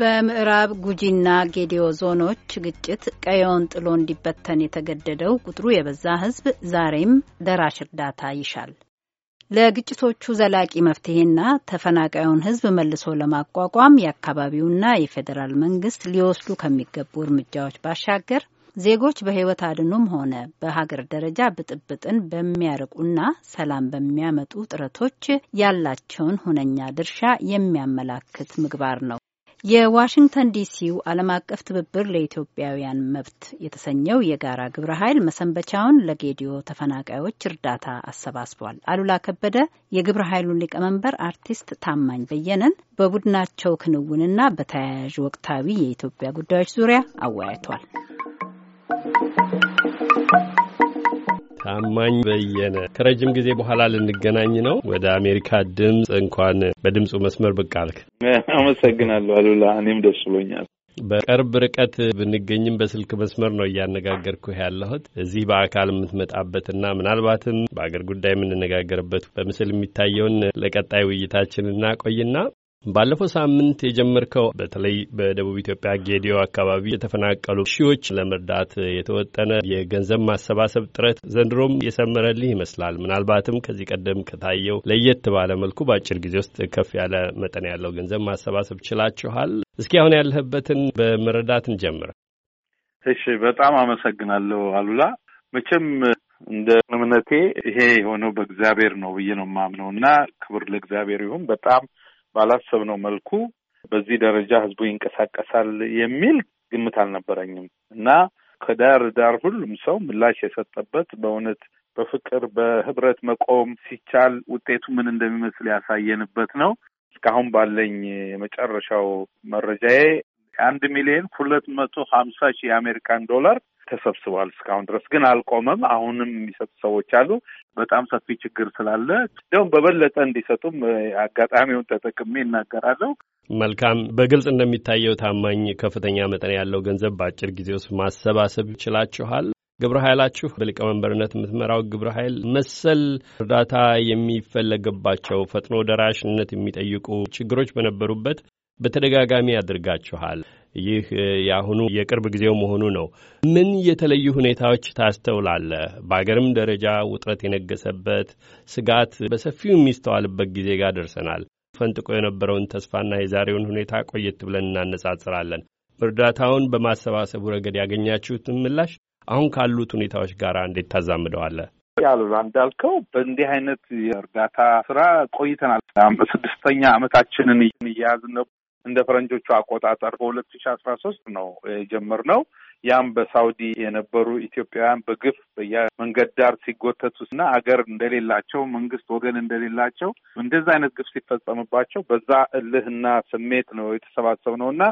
በምዕራብ ጉጂና ጌዲዮ ዞኖች ግጭት ቀየውን ጥሎ እንዲበተን የተገደደው ቁጥሩ የበዛ ሕዝብ ዛሬም ደራሽ እርዳታ ይሻል። ለግጭቶቹ ዘላቂ መፍትሄና ተፈናቃዩን ሕዝብ መልሶ ለማቋቋም የአካባቢውና የፌዴራል መንግስት ሊወስዱ ከሚገቡ እርምጃዎች ባሻገር ዜጎች በህይወት አድኑም ሆነ በሀገር ደረጃ ብጥብጥን በሚያርቁና ሰላም በሚያመጡ ጥረቶች ያላቸውን ሁነኛ ድርሻ የሚያመላክት ምግባር ነው የዋሽንግተን ዲሲው ዓለም አቀፍ ትብብር ለኢትዮጵያውያን መብት የተሰኘው የጋራ ግብረ ኃይል መሰንበቻውን ለጌዲዮ ተፈናቃዮች እርዳታ አሰባስቧል። አሉላ ከበደ የግብረ ኃይሉን ሊቀመንበር አርቲስት ታማኝ በየነን በቡድናቸው ክንውንና በተያያዥ ወቅታዊ የኢትዮጵያ ጉዳዮች ዙሪያ አወያይቷል። ታማኝ በየነ ከረጅም ጊዜ በኋላ ልንገናኝ ነው። ወደ አሜሪካ ድምፅ እንኳን በድምፁ መስመር ብቅ አልክ። አመሰግናለሁ አሉላ። እኔም ደስ ብሎኛል። በቅርብ ርቀት ብንገኝም በስልክ መስመር ነው እያነጋገርኩህ ያለሁት። እዚህ በአካል የምትመጣበትና ምናልባትም በአገር ጉዳይ የምንነጋገርበት በምስል የሚታየውን ለቀጣይ ውይይታችን እናቆይና ባለፈው ሳምንት የጀመርከው በተለይ በደቡብ ኢትዮጵያ ጌዲዮ አካባቢ የተፈናቀሉ ሺዎች ለመርዳት የተወጠነ የገንዘብ ማሰባሰብ ጥረት ዘንድሮም የሰመረልህ ይመስላል። ምናልባትም ከዚህ ቀደም ከታየው ለየት ባለ መልኩ በአጭር ጊዜ ውስጥ ከፍ ያለ መጠን ያለው ገንዘብ ማሰባሰብ ችላችኋል። እስኪ አሁን ያለህበትን በመረዳት እንጀምር። እሺ፣ በጣም አመሰግናለሁ አሉላ። መቼም እንደ እምነቴ ይሄ የሆነው በእግዚአብሔር ነው ብዬ ነው የማምነው እና ክብር ለእግዚአብሔር ይሁን በጣም ባላሰብነው መልኩ በዚህ ደረጃ ህዝቡ ይንቀሳቀሳል የሚል ግምት አልነበረኝም እና ከዳር ዳር ሁሉም ሰው ምላሽ የሰጠበት በእውነት በፍቅር በህብረት መቆም ሲቻል ውጤቱ ምን እንደሚመስል ያሳየንበት ነው። እስካሁን ባለኝ የመጨረሻው መረጃዬ አንድ ሚሊዮን ሁለት መቶ ሀምሳ ሺህ የአሜሪካን ዶላር ተሰብስቧል። እስካሁን ድረስ ግን አልቆመም። አሁንም የሚሰጡ ሰዎች አሉ። በጣም ሰፊ ችግር ስላለ እንዲሁም በበለጠ እንዲሰጡም አጋጣሚውን ተጠቅሜ ይናገራለሁ። መልካም። በግልጽ እንደሚታየው ታማኝ ከፍተኛ መጠን ያለው ገንዘብ በአጭር ጊዜ ውስጥ ማሰባሰብ ይችላችኋል። ግብረ ኃይላችሁ በሊቀመንበርነት የምትመራው ግብረ ኃይል መሰል እርዳታ የሚፈለግባቸው ፈጥኖ ደራሽነት የሚጠይቁ ችግሮች በነበሩበት በተደጋጋሚ አድርጋችኋል። ይህ የአሁኑ የቅርብ ጊዜው መሆኑ ነው። ምን የተለዩ ሁኔታዎች ታስተውላለህ? በአገርም ደረጃ ውጥረት የነገሰበት ስጋት በሰፊው የሚስተዋልበት ጊዜ ጋር ደርሰናል። ፈንጥቆ የነበረውን ተስፋና የዛሬውን ሁኔታ ቆየት ብለን እናነጻጽራለን። እርዳታውን በማሰባሰቡ ረገድ ያገኛችሁትን ምላሽ አሁን ካሉት ሁኔታዎች ጋር እንዴት ታዛምደዋለህ? ያሉ እንዳልከው በእንዲህ አይነት የእርዳታ ስራ ቆይተናል። ስድስተኛ አመታችንን እያያዝን ነው። እንደ ፈረንጆቹ አቆጣጠር በሁለት ሺ አስራ ሶስት ነው የጀመርነው። ያም በሳውዲ የነበሩ ኢትዮጵያውያን በግፍ በየመንገድ ዳር ሲጎተቱ ና አገር እንደሌላቸው መንግስት ወገን እንደሌላቸው እንደዛ አይነት ግፍ ሲፈጸምባቸው በዛ እልህና ስሜት ነው ነው እና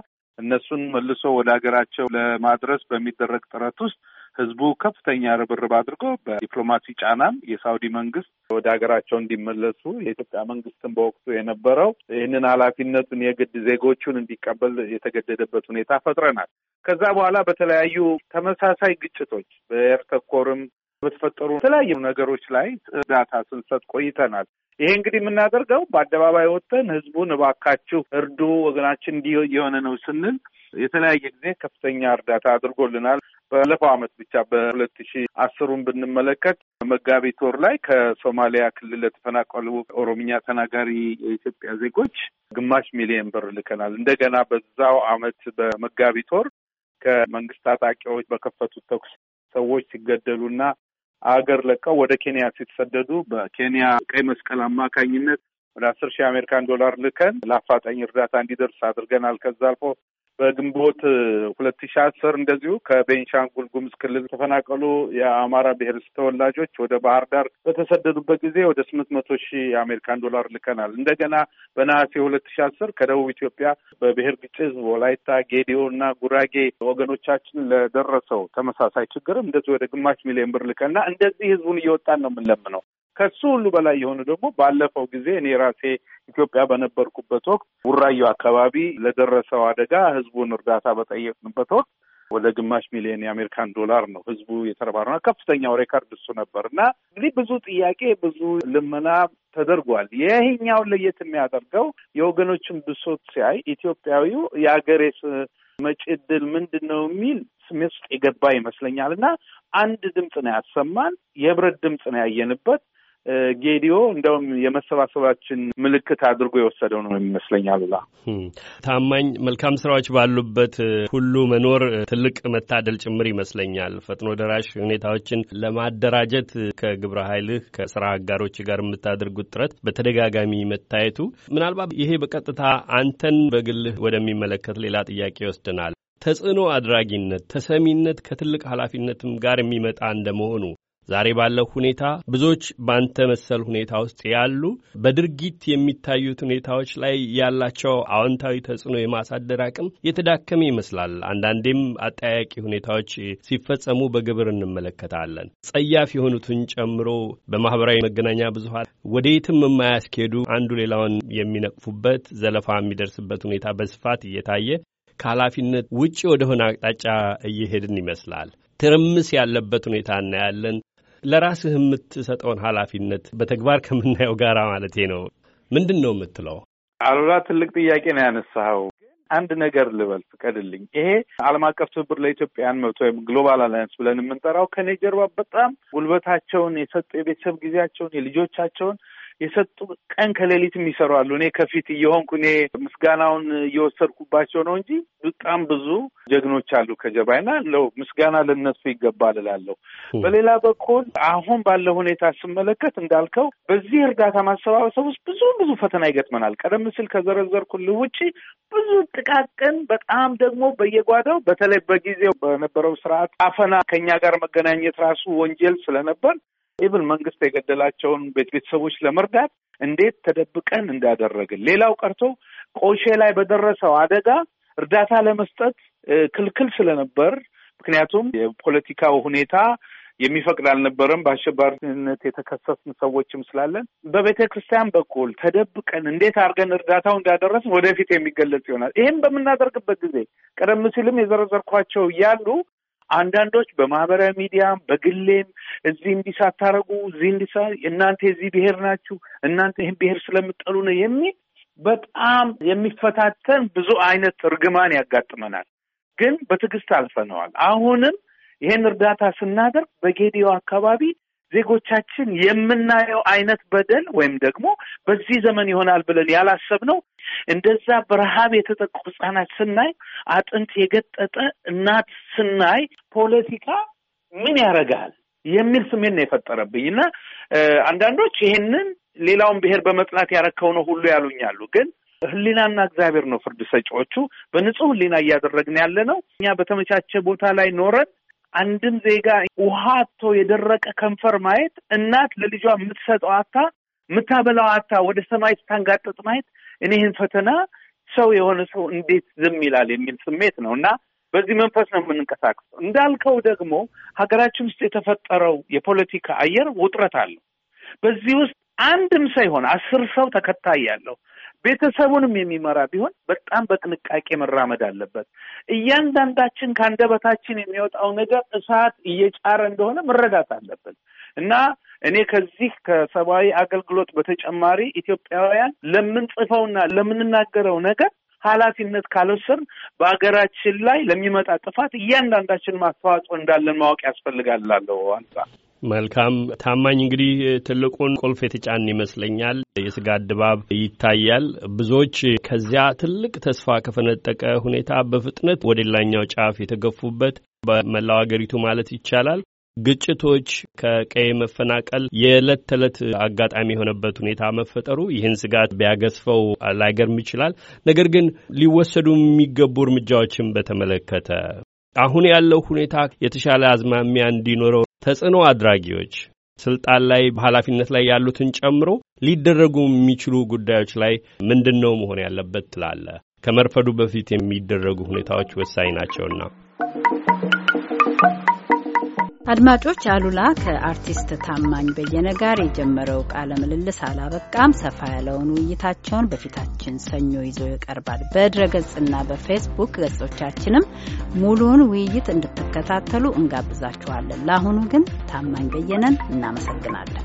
እነሱን መልሶ ወደ ሀገራቸው ለማድረስ በሚደረግ ጥረት ውስጥ ህዝቡ ከፍተኛ ርብርብ አድርጎ በዲፕሎማሲ ጫናም የሳውዲ መንግስት ወደ ሀገራቸው እንዲመለሱ የኢትዮጵያ መንግስትን በወቅቱ የነበረው ይህንን ኃላፊነቱን የግድ ዜጎቹን እንዲቀበል የተገደደበት ሁኔታ ፈጥረናል። ከዛ በኋላ በተለያዩ ተመሳሳይ ግጭቶች በኤርተኮርም በተፈጠሩ የተለያዩ ነገሮች ላይ እርዳታ ስንሰጥ ቆይተናል። ይሄ እንግዲህ የምናደርገው በአደባባይ ወጥተን ህዝቡን እባካችሁ እርዱ፣ ወገናችን እንዲህ የሆነ ነው ስንል የተለያየ ጊዜ ከፍተኛ እርዳታ አድርጎልናል። ባለፈው ዓመት ብቻ በሁለት ሺ አስሩን ብንመለከት መጋቢት ወር ላይ ከሶማሊያ ክልል ለተፈናቀሉ ኦሮምኛ ተናጋሪ የኢትዮጵያ ዜጎች ግማሽ ሚሊየን ብር ልከናል። እንደገና በዛው አመት በመጋቢት ወር ከመንግስት ታጣቂዎች በከፈቱት ተኩስ ሰዎች ሲገደሉና አገር ለቀው ወደ ኬንያ ሲሰደዱ በኬንያ ቀይ መስቀል አማካኝነት ወደ አስር ሺህ አሜሪካን ዶላር ልከን ለአፋጣኝ እርዳታ እንዲደርስ አድርገናል። ከዛ አልፎ በግንቦት ሁለት ሺ አስር እንደዚሁ ከቤንሻንጉል ጉምዝ ክልል ተፈናቀሉ የአማራ ብሔር ተወላጆች ወደ ባህር ዳር በተሰደዱበት ጊዜ ወደ ስምንት መቶ ሺህ የአሜሪካን ዶላር ልከናል። እንደገና በነሐሴ ሁለት ሺ አስር ከደቡብ ኢትዮጵያ በብሔር ግጭት ወላይታ፣ ጌዲዮ እና ጉራጌ ወገኖቻችን ለደረሰው ተመሳሳይ ችግርም እንደዚህ ወደ ግማሽ ሚሊዮን ብር ልከና እንደዚህ ህዝቡን እየወጣን ነው የምንለምነው። ከሱ ሁሉ በላይ የሆኑ ደግሞ ባለፈው ጊዜ እኔ ራሴ ኢትዮጵያ በነበርኩበት ወቅት ውራዩ አካባቢ ለደረሰው አደጋ ህዝቡን እርዳታ በጠየቅንበት ወቅት ወደ ግማሽ ሚሊዮን የአሜሪካን ዶላር ነው ህዝቡ የተረባረና ከፍተኛው ሬከርድ እሱ ነበር። እና እንግዲህ ብዙ ጥያቄ ብዙ ልመና ተደርጓል። ይህኛውን ለየት የሚያደርገው የወገኖችን ብሶት ሲያይ ኢትዮጵያዊው የአገሬ መጪ ዕድል ምንድን ነው የሚል ስሜት ውስጥ የገባ ይመስለኛል። እና አንድ ድምፅ ነው ያሰማን፣ የህብረት ድምፅ ነው ያየንበት። ጌዲዮ እንደውም የመሰባሰባችን ምልክት አድርጎ የወሰደው ነው የሚመስለኝ። አሉላ ታማኝ መልካም ስራዎች ባሉበት ሁሉ መኖር ትልቅ መታደል ጭምር ይመስለኛል። ፈጥኖ ደራሽ ሁኔታዎችን ለማደራጀት ከግብረ ኃይልህ ከስራ አጋሮች ጋር የምታደርጉት ጥረት በተደጋጋሚ መታየቱ ምናልባት ይሄ በቀጥታ አንተን በግልህ ወደሚመለከት ሌላ ጥያቄ ይወስደናል። ተጽዕኖ አድራጊነት ተሰሚነት ከትልቅ ኃላፊነትም ጋር የሚመጣ እንደመሆኑ ዛሬ ባለው ሁኔታ ብዙዎች ባንተ መሰል ሁኔታ ውስጥ ያሉ በድርጊት የሚታዩት ሁኔታዎች ላይ ያላቸው አዎንታዊ ተጽዕኖ የማሳደር አቅም የተዳከመ ይመስላል። አንዳንዴም አጠያቂ ሁኔታዎች ሲፈጸሙ በግብር እንመለከታለን። ጸያፍ የሆኑትን ጨምሮ በማህበራዊ መገናኛ ብዙኃን ወደ የትም የማያስኬዱ አንዱ ሌላውን የሚነቅፉበት ዘለፋ የሚደርስበት ሁኔታ በስፋት እየታየ ከኃላፊነት ውጭ ወደሆነ አቅጣጫ እየሄድን ይመስላል። ትርምስ ያለበት ሁኔታ እናያለን። ለራስህ የምትሰጠውን ኃላፊነት በተግባር ከምናየው ጋራ ማለቴ ነው ምንድን ነው የምትለው? አሉላ ትልቅ ጥያቄ ነው ያነሳኸው። አንድ ነገር ልበል ፍቀድልኝ። ይሄ ዓለም አቀፍ ትብብር ለኢትዮጵያውያን መብት ወይም ግሎባል አላያንስ ብለን የምንጠራው ከኔ ጀርባ በጣም ጉልበታቸውን የሰጡ የቤተሰብ ጊዜያቸውን የልጆቻቸውን የሰጡ ቀን የሚሰሩ አሉ እኔ ከፊት እየሆንኩ እኔ ምስጋናውን እየወሰድኩባቸው ነው እንጂ በጣም ብዙ ጀግኖች አሉ ከጀርባዬና ለው ምስጋና ለነሱ ይገባል እላለሁ። በሌላ በኩል አሁን ባለው ሁኔታ ስመለከት እንዳልከው በዚህ እርዳታ ማሰባበሰብ ውስጥ ብዙ ብዙ ፈተና ይገጥመናል። ቀደም ሲል ከዘረዘርኩልህ ውጭ ብዙ ጥቃቅን በጣም ደግሞ በየጓዳው በተለይ በጊዜው በነበረው ስርዓት አፈና ከኛ ጋር መገናኘት ራሱ ወንጀል ስለነበር ኢቭን መንግስት የገደላቸውን ቤተሰቦች ለመርዳት እንዴት ተደብቀን እንዳደረግን፣ ሌላው ቀርቶ ቆሼ ላይ በደረሰው አደጋ እርዳታ ለመስጠት ክልክል ስለነበር ምክንያቱም የፖለቲካው ሁኔታ የሚፈቅድ አልነበረም። በአሸባሪነት የተከሰስን ሰዎችም ስላለን በቤተ ክርስቲያን በኩል ተደብቀን እንዴት አድርገን እርዳታው እንዳደረስን ወደፊት የሚገለጽ ይሆናል። ይህም በምናደርግበት ጊዜ ቀደም ሲልም የዘረዘርኳቸው እያሉ አንዳንዶች በማህበራዊ ሚዲያ በግሌም እዚህ እንዲህ ሳታረጉ እዚህ እንዲህ እናንተ የዚህ ብሔር ናችሁ እናንተ ይህን ብሔር ስለምጠሉ ነው የሚል በጣም የሚፈታተን ብዙ አይነት እርግማን ያጋጥመናል። ግን በትዕግስት አልፈነዋል። አሁንም ይህን እርዳታ ስናደርግ በጌዲዮ አካባቢ ዜጎቻችን የምናየው አይነት በደል ወይም ደግሞ በዚህ ዘመን ይሆናል ብለን ያላሰብነው እንደዛ በረሃብ የተጠቁ ህጻናት ስናይ፣ አጥንት የገጠጠ እናት ስናይ ፖለቲካ ምን ያደርጋል የሚል ስሜት ነው የፈጠረብኝ እና አንዳንዶች ይሄንን ሌላውን ብሔር በመጥላት ያረከው ነው ሁሉ ያሉኛሉ ግን ህሊናና እግዚአብሔር ነው ፍርድ ሰጪዎቹ። በንጹህ ህሊና እያደረግን ያለ ነው። እኛ በተመቻቸ ቦታ ላይ ኖረን አንድም ዜጋ ውሃ አጥቶ የደረቀ ከንፈር ማየት፣ እናት ለልጇ የምትሰጠው አታ የምታበላው አታ ወደ ሰማይ ስታንጋጠጥ ማየት እኔ ይህን ፈተና ሰው የሆነ ሰው እንዴት ዝም ይላል የሚል ስሜት ነው እና በዚህ መንፈስ ነው የምንንቀሳቀሰው። እንዳልከው ደግሞ ሀገራችን ውስጥ የተፈጠረው የፖለቲካ አየር ውጥረት አለው። በዚህ ውስጥ አንድም ሳይሆን አስር ሰው ተከታይ ያለው ቤተሰቡንም የሚመራ ቢሆን በጣም በጥንቃቄ መራመድ አለበት። እያንዳንዳችን ከአንደበታችን የሚወጣው ነገር እሳት እየጫረ እንደሆነ መረዳት አለብን እና እኔ ከዚህ ከሰብአዊ አገልግሎት በተጨማሪ ኢትዮጵያውያን ለምንጽፈውና ለምንናገረው ነገር ኃላፊነት ካልወሰድን በሀገራችን ላይ ለሚመጣ ጥፋት እያንዳንዳችን ማስተዋጽኦ እንዳለን ማወቅ ያስፈልጋል ላለው አንጻ መልካም ታማኝ፣ እንግዲህ ትልቁን ቁልፍ የተጫን ይመስለኛል። የስጋት ድባብ ይታያል። ብዙዎች ከዚያ ትልቅ ተስፋ ከፈነጠቀ ሁኔታ በፍጥነት ወደ ሌላኛው ጫፍ የተገፉበት በመላው አገሪቱ ማለት ይቻላል ግጭቶች፣ ከቀይ መፈናቀል የዕለት ተዕለት አጋጣሚ የሆነበት ሁኔታ መፈጠሩ ይህን ስጋት ቢያገዝፈው ላይገርም ይችላል። ነገር ግን ሊወሰዱ የሚገቡ እርምጃዎችን በተመለከተ አሁን ያለው ሁኔታ የተሻለ አዝማሚያ እንዲኖረው ተጽዕኖ አድራጊዎች ስልጣን ላይ በኃላፊነት ላይ ያሉትን ጨምሮ ሊደረጉ የሚችሉ ጉዳዮች ላይ ምንድን ነው መሆን ያለበት ትላለ? ከመርፈዱ በፊት የሚደረጉ ሁኔታዎች ወሳኝ ናቸውና አድማጮች አሉላ ከአርቲስት ታማኝ በየነ ጋር የጀመረው ቃለ ምልልስ አላበቃም። ሰፋ ያለውን ውይይታቸውን በፊታችን ሰኞ ይዞ ይቀርባል። በድረ ገጽና በፌስቡክ ገጾቻችንም ሙሉውን ውይይት እንድትከታተሉ እንጋብዛችኋለን። ለአሁኑ ግን ታማኝ በየነን እናመሰግናለን።